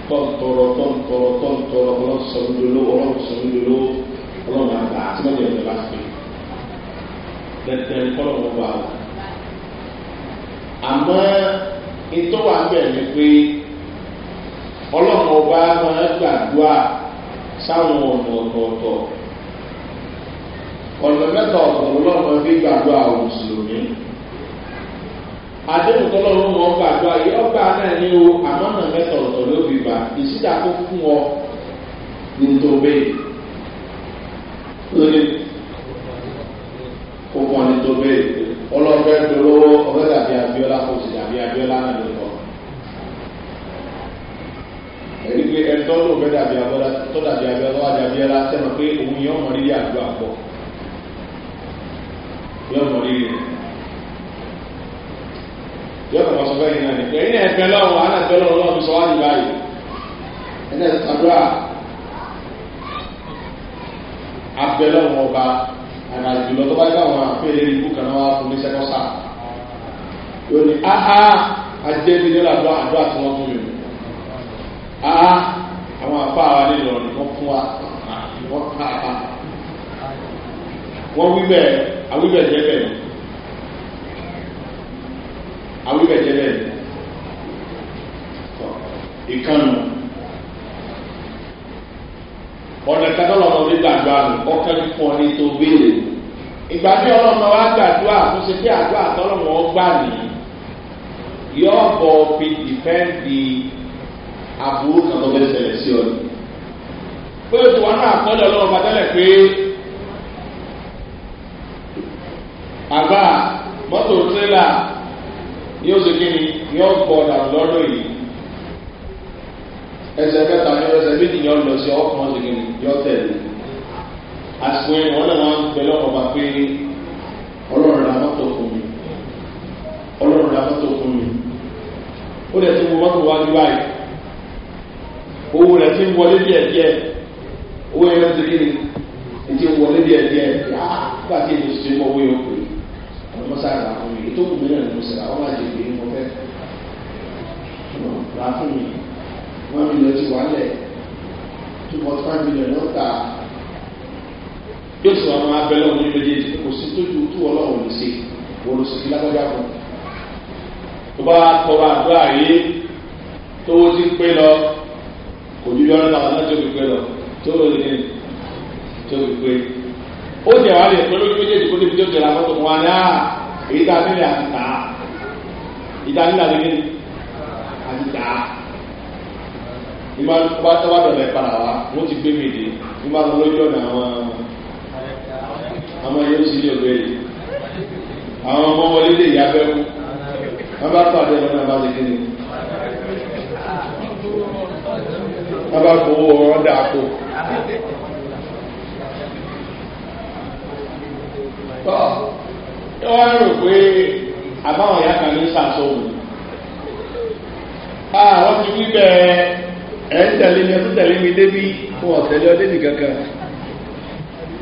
tọ́ntọrọ tọ́ntọrọ tọ́ntọrọ ọlọ́run sọ mí lọ́wọ́ ọlọ́run sọ mí lọ́wọ́ ọlọ́run máa gbà tí wọ́n yẹ ẹ̀jẹ̀ bá ti pè tẹ̀tẹ̀ kọ́lọ̀ wọn wà ó. àmọ́ ìtọ́wà bẹ̀rẹ̀ ni pé ọlọ́run ọba máa gbàdúrà sáwọn ọ̀nà ọ̀tọ̀ọ̀tọ̀ ọ̀nà mẹ́ta ọ̀tọ̀ ọlọ́run fi gbàdúrà àwọn mùsùlùmí àdéhùn tọ́lọ́run wọn gbàdúrà yìí ọgbà náà ní o àmọ́ ọ̀nà mẹ́ta ọ̀tọ̀ ló fi gbà ìsídàkó fún ọ ní lórí kó mọ ní tó bẹ́ẹ̀ ọlọ́fẹ́ dúró ọfẹ́ dàbí abiola kò sì dàbí abiola náà ló kọ́ èyí pé ẹ̀tọ́ ló fẹ́ dàbí abiola tó dàbí abiola wà dàbí abiola sẹ́nu pé òun yẹn ọmọ rírì àdúrà pọ̀ yọ ọmọ rírì yọ ọmọ sọ fẹ́ yìí náà ni ẹ̀yin ẹ̀fẹ́ lọ́wọ́ àná ẹ̀fẹ́ lọ́wọ́ lọ́wọ́ mi sọ wá ní báyìí ẹ̀ abẹ́lẹ́ wọn ọba àgbàjùlọ tó bá gbà wọn àpẹẹrẹ ìlú kan náà wà fún iṣẹ́ kọ́sà yóò ní áá ajẹ́bi nílò àdúrà àdúrà tí wọ́n fún mi áá àwọn àfa àwa nílò ọ̀nà wọ́n fún wa wọ́n ká àfa wọ́n wí bẹ́ẹ̀ àwí bẹ́ẹ̀ jẹ́ bẹ́ẹ̀ àwí bẹ́ẹ̀ jẹ́ ìkànnì. àdúrà nù ọkàn ti fún ọ ní tó béèrè ìgbà tí ọlọ́mọ wa gbàdúrà tó ṣe pé àdúrà tọ́lọ́mọ gbà nìyí yóò bọ̀ fi dìfẹ́ǹdì àbúrò kan tó bẹ́ẹ̀ ṣẹlẹ̀ sí ọ ni pé o ti wà náà àkọọ́lẹ̀ ọlọ́run bàtẹ́lẹ̀ pé àgbà mọ́tò tírélà ni ó ṣe kí ni ni ó yìí ẹsẹ̀ mẹ́ta ni ẹsẹ̀ méjì ni ó lọ sí ọkùnrin ṣe kí ni tẹ̀lé àsìkò yẹn wọn náà wọn bẹ lọkọ bá pé ọlọrun la mọtò fún mi ọlọrun la mọtò fún mi ó dẹ ti wo mọtò wájú báyìí owó rẹ ti ń wọlé díẹ díẹ owó yẹn lọ sí kí ni ti ń wọlé díẹ díẹ yáá nígbà tí èmi sì ti mọ owó yẹn pè é ọmọ sáré la fún mi ètò òkú mìíràn ni mo sì ra ọmọ àjẹ ìgbé ni mo fẹ ra fún mi wọn mi lọ sí wàhálẹ two point five million lọ́ta yóò sì wọn máa bẹ̀rẹ̀ òní méjèèjì pé kò sí tójú tó ọlọ́run lè ṣe wọ́n sì fi lágbájá fún un. tó bá tọrọ àdúrà yìí tówó ti pé lọ kò ní yọrọ náà náà tó fi pé lọ tó lè ní tó fi pé. ó jẹ́ wàá lè pé lójú méjèèjì kó débi tó jẹ́ la fọ́tò wọn á ah, èyí tá a nílẹ̀ àti tà á ìdá nílẹ̀ àti ní àti tà á. ìmọ̀ bá tọ́wọ́ dọ̀bẹ̀ padà wá wọ́n ti gbé mi dé ìmọ̀ lọ́jọ́ náà wọ́n àmọ́ yóò sì lè gbé yìí àwọn ọmọ wọlé lè yá fẹ́ mú wọ́n bá pàdé ẹ̀ lọ́nà bá ti kí ni wọ́n bá fowó wọn dà kó. tọ́ ẹ wá rò pé àbáwọn ìyá kan ní sàṣọ́wò àwọn ti wí bẹ́ẹ̀ ẹ̀ ń tẹ̀lé mi ẹ̀ tún tẹ̀lé mi débi wọn ò tẹ̀lé kankan.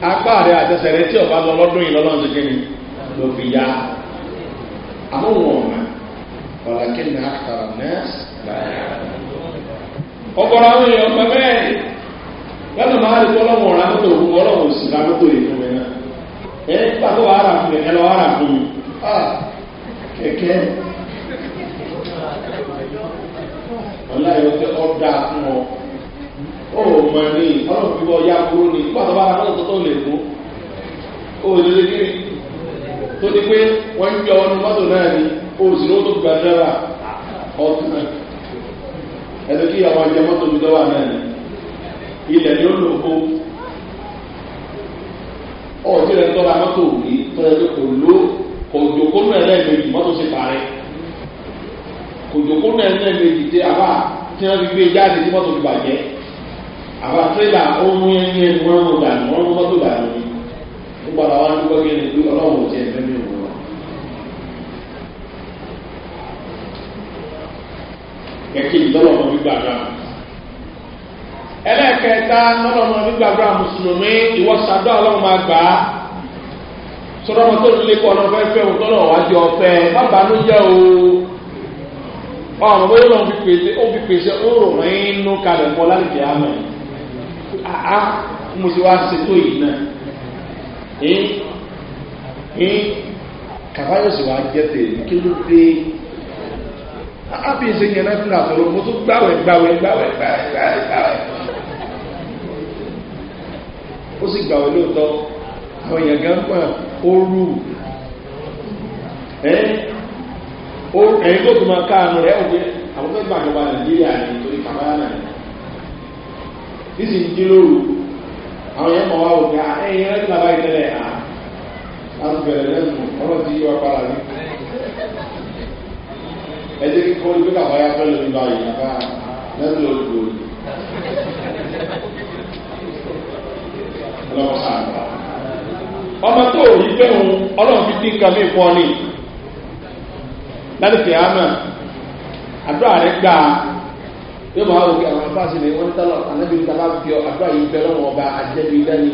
apá rẹ àtẹsẹ̀ tí ọba lọ lọ́dún yìí lọ́lọ́run ti ló fi àwọn èèyàn lọ́nà máa rí kọ́lọ́mù ọ̀rá mọ́tò òkú ọlọ́run sì bá mọ́tò èèyàn rẹ̀ náà ẹ̀ nípa tó wàá fún mi lọ ó mọ̀ ní ọlọ́run fi ya kúrò ní nígbà tó bá ra fọ́tò tó lè mú ó lè lè kí tó ní pé wọ́n ń yọ ọ́nù mọ́tò náà ni ó sì ló tó gba náírà ọ̀tún náà ẹ̀sẹ̀ kí àwọn ajẹ́ mọ́tò mi lọ́wọ́ náà ni ilẹ̀ ni ó lò kó ọ̀ọ́dí rẹ̀ tọ́ra mọ́tò òní tọ́ra pé kò ló kò jòkó náà lẹ́ẹ̀mejì mọ́tò sì parẹ́ kò jòkó náà lẹ́ẹ̀mejì tí a bá tí wọ́n fi gbé jáde tí mọ́tò fi bàjẹ́. àbá tírélà ó mú ẹni ẹni wọn mú dànù wọn mú mọ́tò dànù ni ó padà wá ní gbọ́gẹ́ ni pé ọlọ́run ò tiẹ̀ mi òun kẹ̀kẹ́ ọmọ gbígbà ọmọ gbígbà mùsùlùmí ìwọ sàdọ́ ọlọ́run máa gbà á ọ lọ́fẹ́ fẹ́ òun tọ́lọ̀ wájú ọ̀fẹ́ má bàánú bóyá lọ́n fi àá mo ti wá ṣètò yìí náà ẹ ẹ kàfáyọsì wa jẹ tèmi kí ló dé ábí ṣe náà fúnra tó mo tún gbàwẹ gbàwẹ gbàwẹ gbàwẹ gbàwẹ ó sì gbàwẹ lóòótọ àwọn èèyàn gan pọn ó ẹ ó tó tún máa káàánú rẹ ó gbé àwọn fẹẹ nàìjíríà torí nísì ń kíló rù àwọn yẹn mọ̀ wá wò ká ẹ̀yìn rẹ̀ ti bàbá ìtẹ́lẹ̀ à láti bẹ̀rẹ̀ lẹ́nu ọlọ́run ti yí wa padà ní. ẹ jẹ́ kí kọ́ ibi kàbá yá fẹ́lẹ̀ nígbà yìí nàbá lẹ́nu lórí lórí. ọlọ́run sàgbà ọmọ tó yí fẹ́hùn ọlọ́run fi dín kan mí fún ọ láti fi hàn mọ́ àdúrà rẹ̀ gbà á yóò máa wò kí àwọn afáàsì ni wọ́n tẹ́lọ̀ ànábì níta bá fi àdúrà yìí bẹ́ lọ́wọ́ ọba àjẹbí dání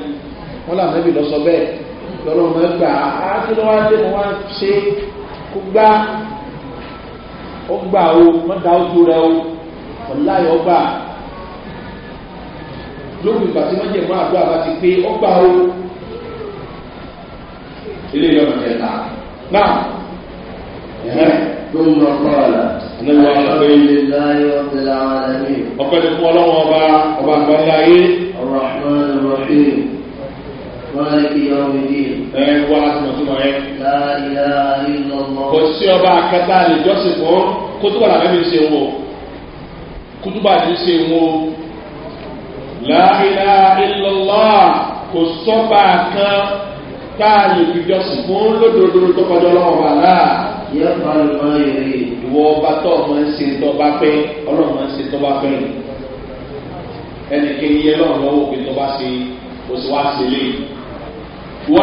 wọ́n lọ ànábì lọ́sọ bẹ́ẹ̀ lọ́lọ́ wọn gbà á kí ló wá dé mo wá ṣe kó gbá ó gbà o mọ́ta ó tó rẹ o ọ̀láyọ̀ gbà lókùn ìgbà tí wọ́n jẹ̀ mọ́ àdúrà bá ti pé ó gbà o ilé ìyọ̀nà ẹ̀ta náà. ثم قال الحمد لله رب العالمين وقد قال وبا وبا بالله الرحمن الرحيم مالك يوم الدين ايه واسمع سمع لا اله الا الله وسي وبا كتا لجوسف كتب على مين سي كتب على سي لا اله الا الله كسبا كان táàyè ìjọsìn fún lódodo tó kọjọ ọlọ́wọ́ bá láà. yẹ máa ń máa ń rí ìwọ ọba tó máa ń ṣe tó bá fẹ́ ọlọ́run máa ń ṣe tó bá fẹ́ ẹnìkan yẹ lọ́run lọ́wọ́ òfin tó bá ṣe kò sí wá sí lé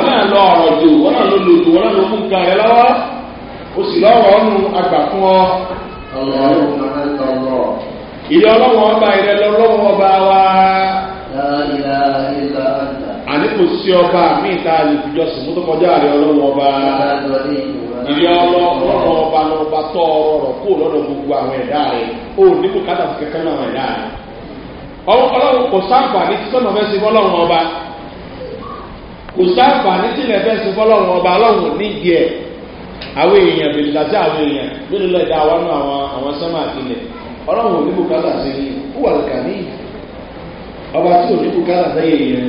náà lọ ọ̀rọ̀ jù ìwọ náà ló lò jù ìwọ náà ló mú nǹkan rẹ lọ́wọ́ o sì lọ́wọ́ ọ̀nù àgbà fún ọ. ìdí ọlọ́wọ́ ọba ìrẹ́lẹ́ ọlọ́wọ́ ọba wa kò sí ọba mi ta ìfijọ́ sùn mú tó kọjá àrẹ ọlọ́run ọba ìrẹ́ ọlọ́run ọba lọ́ba tọ́ ọ̀rọ̀ kó lọ́dọ̀ gbogbo àwọn ẹ̀dá rẹ̀ ó ní kò kátà sí kankan náà ẹ̀dá rẹ̀ ọlọ́run kò sáfà ní sísọ́nà fẹ́ sí fọ́lọ́run ọba kò sáfà ní sílẹ̀ fẹ́ sí fọ́lọ́run ọba ọlọ́run nídìí ẹ̀ àwọn èèyàn bèrè láti àwọn èèyàn lórí lọ́ọ̀dá wa nù àwọn àwọn sọ́mà àtìlẹ̀ ọlọ́run ò ní kò kátà sí ní wà lùkà ní ọba tí ò ní kò kátà sẹ́yìn èèyàn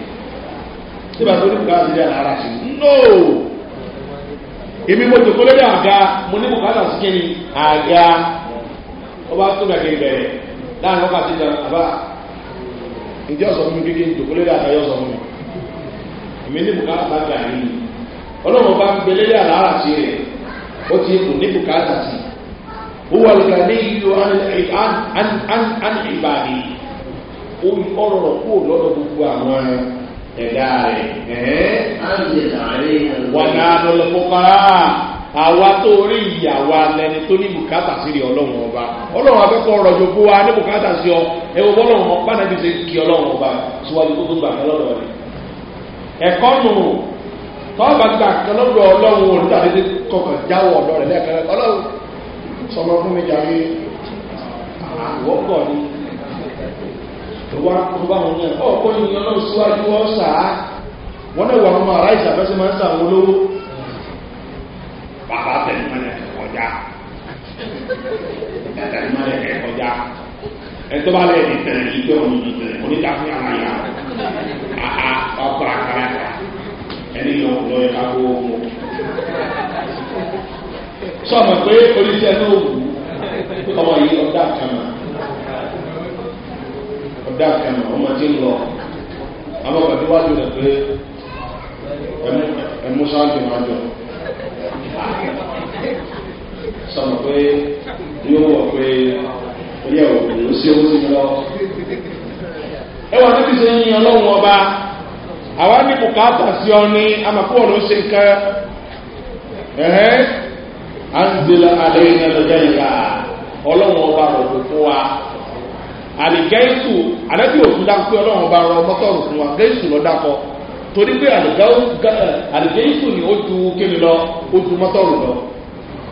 síbà tó ní bùkátà sí ilé ara sí no èmi mo tòkó lórí àga mo ní bùkátà sí àga ọba tó gbàgbé bẹ̀rẹ̀ láàrin ọba sí ìdáná àbá ìdí ọ̀sán mi kékeré tòkó lórí àga yọ̀ sọ èmi ní bùkátà bá gbà ọlọ́run ara sí rẹ̀ ó ti kù ní sí ní ìlú ìbàdí lọ́dọ̀ gbogbo àwọn ẹ̀dá rẹ̀ wàdà lọ́lọ́fọ́kọ́rá àwa tó rí ìyàwó alẹ́ni tó ní bùkátà sí rí ọlọ́run ọba ọlọ́run akẹ́kọ̀ọ́ rọ̀jò fún wa ní bùkátà sí ọ ẹ̀wọ̀n bọ́lọ́run ọba náà ti ṣe kí ọlọ́run ọba síwájú tó tó gbà kan lọ́dọ̀ rẹ̀ ẹ̀kọ́ nù tọ́ọ̀bà gbà kan lọ́dọ̀ ọlọ́run òrùta ti kọkàn jáwọ̀ ọ̀dọ́ rẹ̀ lẹ́ẹ̀kan sọmọ fún mi jàre àwọn ọkọ̀ ni tó wá tó bá wọn náà ọ̀pọ̀ ènìyàn náà síwájú wọ́n sàá wọ́n náà wà wọn ará ìsàfẹ́sẹ̀ máa ń sà wọn lówó bàbá tẹ̀lé mọ́lẹ̀ kọjá tẹ̀lé mọ́lẹ̀ kọjá ẹtọ́ bá lẹ́yìn tẹ̀lé ìjọ òun ní tẹ̀lé oníkàfẹ́ àmàyà àhà ọkọ̀ àkàrà ẹni yọ ọ̀pọ̀ ẹ̀ka kó o sọ ma pé oníṣẹ́ náà wù ọmọ yìí ọ̀dà kan náà ọ̀dá kẹmọ̀ ọmọ tí ń lọ àwọn ọ̀gbà tí wá jù rẹ̀ pé ẹmú sáájú àjọ sọ̀rọ̀ pé yóò wọ̀ pé oyè òkùnrin ó sí owó sí lọ ẹwà níbi ṣe yíyan lọ́wọ́ ọba àwa ní bùkátà sí ọ ní amakúwọ̀ ló ṣe nǹkan ẹ̀hẹ́ anzela alẹ́ ìrìnàlẹ́yìn ọlọ́wọ́ ọba rọ̀ fún wa. àlè gẹ́sù ànábì òfin dákú ọlọ́run bá rọ mọ́tọ́rù fún wa gẹ́sù lọ dákọ torí pé àlè ni ó ju kíni lọ ó ju mọ́tọ́rù lọ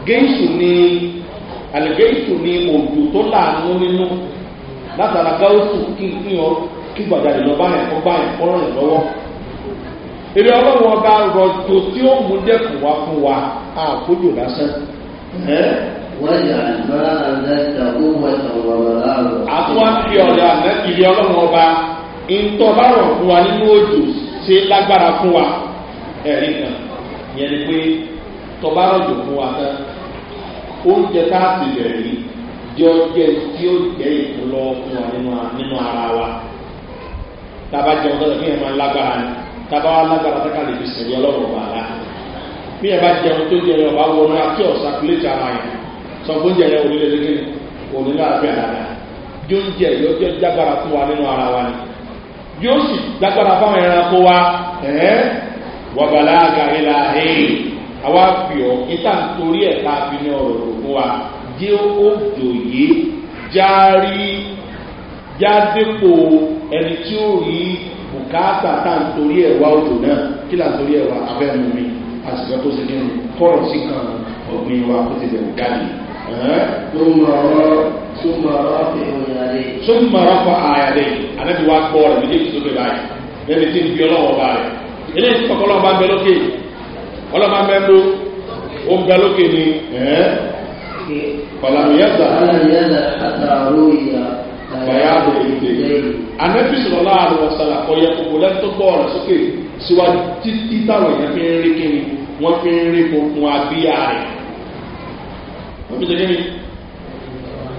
gẹ́sù ni ni tó láàánú nínú látara kí kí lọ báyìí kó báyìí kó lọ́wọ́ èrè ọlọ́run ọba àtúwá fi ọ̀dà ìrì ọlọ́run ọba ntọ́ bá rọ̀ fún wa nínú òjò ṣe lágbára fún wa ẹ̀rí kan yẹn ni pé tọ́ba rọ̀jò fún wa tán oúnjẹ tá a sì bẹ̀rẹ̀ yìí jẹ́ oúnjẹ tí ó jẹ́ ìkúlọ́ fún wa nínú ara wa tába jẹun tó tẹ̀lé yẹn máa lágbára ni tába wa lágbára tẹ́ka lè fi sẹ̀rí ọlọ́run ọba la bí yẹn bá jẹun tó jẹ́ ọba wọnú àti ọ̀sà kúlẹ̀ yẹn sọgbóúnjẹ yẹn òní lẹ́sẹ̀ kí ni òní láàbíà dáadáa jóúnjẹ yóò jẹ́ jágbára fún wa nínú ara wa ni yóò sì dágbára fáwọn ẹranko wa ẹ̀ẹ́ wàbàlá àgàrẹ́là ẹ̀ẹ́ àwa fi ọ́ níta nítorí ẹ̀ ká fi ní ọ̀rọ̀ rò fún wa jẹ́ òjò yìí járí jádépò ẹni tí ó rí bùkátà tá à ń torí ẹ̀ wá òjò náà kí là ń torí ẹ̀ wá abẹ́ mu mi àṣìṣe tó ṣe kí ni kọ́ọ̀rọ̀ kan ọ̀gbìn wa ó ti bẹ̀rù gáàdì súnmọ́ rọ́pọ̀ àyàdé ànábi wá gbọ́ rẹ̀ méjèèjì sókè báyìí lẹ́ni tí ń fi ọlọ́wọ́ bá rẹ̀ eléyìí tí kọ̀kọ́ ọlọ́wọ́ bá bẹ lókè ọlọ́wọ́ bá bẹ ló ó bẹ lókè ni kọ̀làmìyàtà bàyàbò èdè ànábi sọ̀rọ̀ láàrin ọ̀sàlà ọ̀yẹ kòkò lẹ́tọ́ gbọ́ rẹ̀ sókè síwájú títí táwọn èèyàn fi ń rí kíni wọ́n fi ń rí kókun abíyá rẹ̀ wọ́n fi ṣe kí ni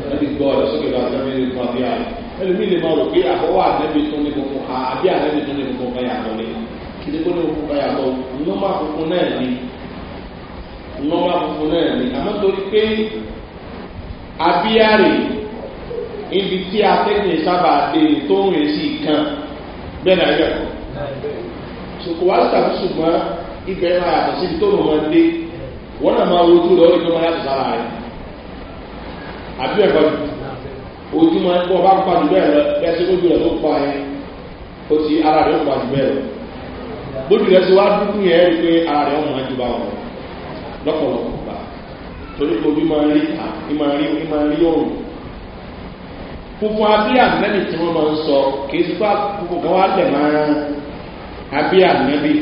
wọ́n ti gbọ́ ọ̀rọ̀ sókè bá sẹ́mi ní ìfọ̀n bí i àná ẹlòmíì lè máa rò pé àkọ́wọ́ àtẹ́bí tó ní gbogbo ká àbí àtẹ́bí tó ní gbogbo ká yàtọ̀ ni kí ni kó ní gbogbo ká yàtọ̀ nọ́mbà funfun náà ni nọ́mbà funfun náà ni àmọ́ torí pé abíyárè ibi tí atẹ́gùn sábà dé tó ń rìn sí kan bẹ́ẹ̀ náà yẹ̀ kọ́ sòkò wá sàbí ṣùgbọ́n ibẹ̀ máa yàtọ̀ síbi tó lò wọ́n dé wọ́n náà máa wojú lọ́ọ́ àbí ẹ̀kọ́ ni ojúmọ́ ẹgbẹ́ ọba ń pàdé bẹ́ẹ̀ lọ ẹsẹ̀ lójú rẹ̀ tó pa ẹ ó ti ara rẹ̀ ó pàdé bẹ́ẹ̀ lọ lójú rẹ̀ ti wá dúdú yẹn rí pé ara rẹ̀ ọmọ ẹjú bá wọn lọ́pọ̀lọpọ̀ gbà torí pé ojú máa ń rí ta ní máa rí ní máa rí òrùn funfun abíyà nẹ́bì tí wọ́n máa ń sọ kìí sí pa kókò kan wá lẹ̀ máa abíyà nẹ́bì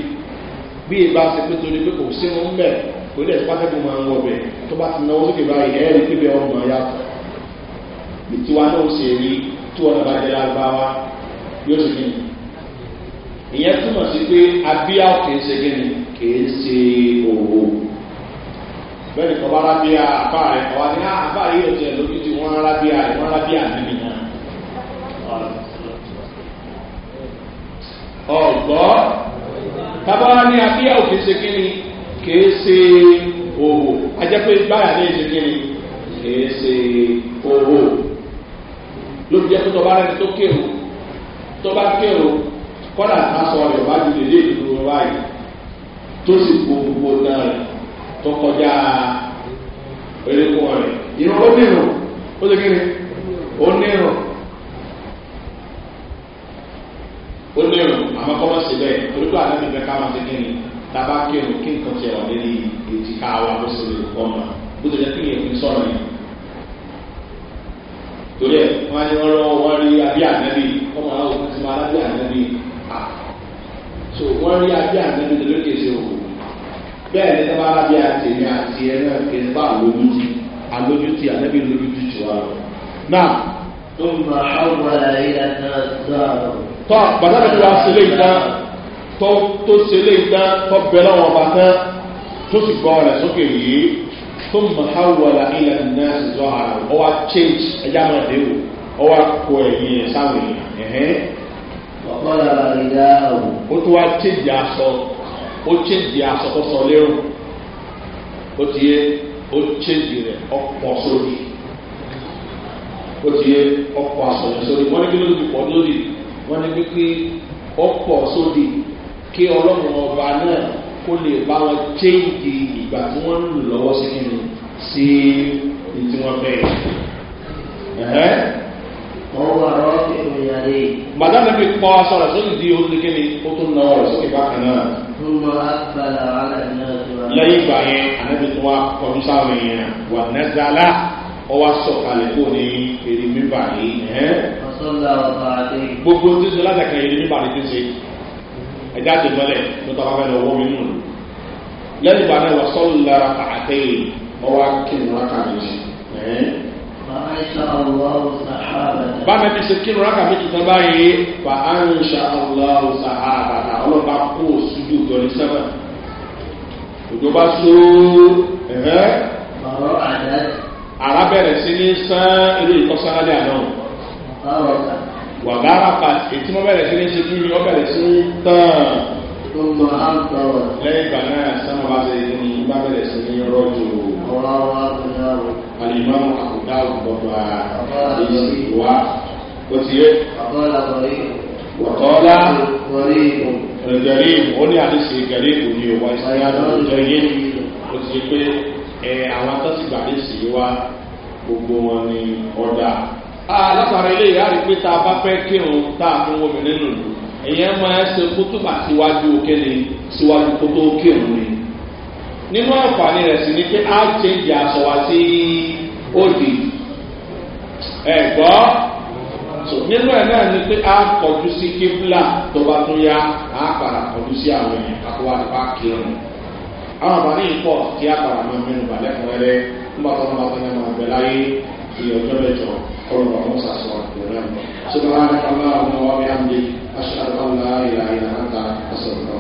bí ìbá ṣe pé torí pé kò sí wọn bẹ̀ kò dẹ̀ pátẹ́kùn máa ń wọ bẹ̀ tó bá ti náwó sókè báyìí ẹ̀ẹ́dì pípẹ́ ọmọ yàtọ̀ bí tiwa náà ṣe rí tí wọn bá jẹ lágbáwá yóò ṣe kíni ìyẹn túmọ̀ sí pé abíyá kìí ṣe kíni kìí ṣe òwò bẹ́ẹ̀ ni kọ́ba rábíà àbá rẹ̀ kọ́ba ni ah, àbá rẹ̀ yóò tiẹ̀ lójú tí wọ́n rábíà rẹ̀ wọ́n rábíà níbi náà ọ̀gbọ́ tábàrà ní abíyá kìí ṣe kíni kìí ṣe òwò ajẹ́pẹ́ báyà ní ìṣe kíni kìí ṣe òwò ló fi jẹ́ pé tọba rẹ̀ tó kéwò tọba kéwò kọ́dà aṣọ rẹ̀ bá ju lèlé ìdúró báyìí tó sì kó gbogbo náà rẹ̀ tó kọjá erékùn rẹ̀ ìrún ó nírun ó lè kéré ó nírun ó nírun àmọ́ kọ́ mọ́ sí bẹ́ẹ̀ torí pé àlẹ́ mi fẹ́ ká máa ṣe kíni tábà kéwò kí nǹkan ti ẹ̀wà lórí èjìká wa bó ṣe lè kọ́ mọ́ bó ṣe jẹ́ kí ni èmi sọ̀rọ̀ yìí torí ẹ̀ wọ́n á ní wọ́n lọ́wọ́ wọ́n rí abí ànábì ọmọ aláwọ̀ kan ti máa lábí ànábì à so wọ́n rí abí ànábì lókè sí òkú bẹ́ẹ̀ ni sábà lábí àtẹ̀mí àti ẹ̀ náà kì í bá àlójútì àlójútì ànábì lójútì tù wá lọ. náà tó máa àwọn àlàyé náà sọ̀rọ̀. tọ́ bàtà bàtà wá sílé ìdá tó sílé ìdá tó bẹ̀rẹ̀ wọn bàtà tó sì gbọ́ ọ̀rẹ́ sókè yìí. ثم حول إلى الناس ظهره هو change أجمع ديو هو كوي سامي إيه وقال رداءه هو change aṣọ ó change aṣọ tó sọ lérò ó ti yé ó change rẹ ọ̀pọ̀ sórí ó ti yé ọ̀pọ̀ aṣọ yẹn sórí wọ́n ní kí ló ti pọ̀ lórí wọ́n ní kí ọ̀pọ̀ sórí kí ọlọ́run ọba náà kó lè bá wọn chéǹdì ìgbà tí wọ́n ń lò lọ́wọ́ sí kíni sí ní tí wọ́n bẹ̀rẹ̀. Màdá mi fi pọ́ aṣọ rẹ̀ sórí di oṣù kíni ó tún náwó rẹ̀ sókè bákan náà. Lẹ́yìn ìgbà yẹn, ànábi tó wá kọjú sáwọn èèyàn wà nẹ́sàlá ọ wá sọ̀kalẹ̀ kó ní èrè mímbà yìí. Gbogbo ẹ̀dá ti mọ́lẹ̀ tó tọ́ fẹ́ lọ wọ́ mi nù. lẹ́yìn ìgbà náà wọ́n sọ́ọ́ lára àtẹ́yìn ọwọ́ akínú rákà méjì. bámi ti ṣe kínú rákà méjì tán báyìí fa àrùnṣà aláwọ̀ sàhàbàtà ọlọ́ba kó sùdù gọ́ni sẹ́fẹ̀. òjò bá so ara bẹ̀rẹ̀ sí ní sán eré ìtọ́sánálẹ̀ àná wà bára pa ètí wọn bẹ̀rẹ̀ sí ní ṣe kíni wọn bẹ̀rẹ̀ sí ní tán. tó ń tan áńtọ̀rọ̀. lẹ́yìn ìgbà náà sọ́nà bá ṣe ní bá bẹ̀rẹ̀ sí ní rọ́jò. ọ̀rọ̀ wa ti yá o. àlìmọ́ àkùdá òkùnkọ̀gbà ìyọ̀sí wa ó ti yé. àkọ́lá wọlé. wọ́kọ́lá wọlé. gẹ̀rí ó ní àdéṣe gẹ̀rí kò ní òwà ìsinmi àdójọ yé ó ti pé àwọn atọ́sígbà àdéṣe wa gbogbo wọn ni ọ̀dà. Ah, látara ilé ìyá rí pé tá a bá fẹ́ kírun tá a fún omi nínú ìlú ìyẹn máa ṣe kótóbà síwájú kéde síwájú kótó kírun ni nínú àǹfààní rẹ̀ sì ni pé á chẹ́ǹjì aṣọ wa sí òdì ẹ̀gbọ́ nínú ẹ̀ náà ni pé á kọjú sí kíbla tó bá tún yá á padà kọjú sí àwọn èèyàn kátó wá nípa àwọn àǹfààní yìí pọ̀ kí á padà máa mẹ́nu balẹ̀ fún ẹrẹ́ في وجبته قول موسى صلى الله عليه وسلم سبحانك اللهم وبحمدك اشهد ان لا اله الا انت استغفرك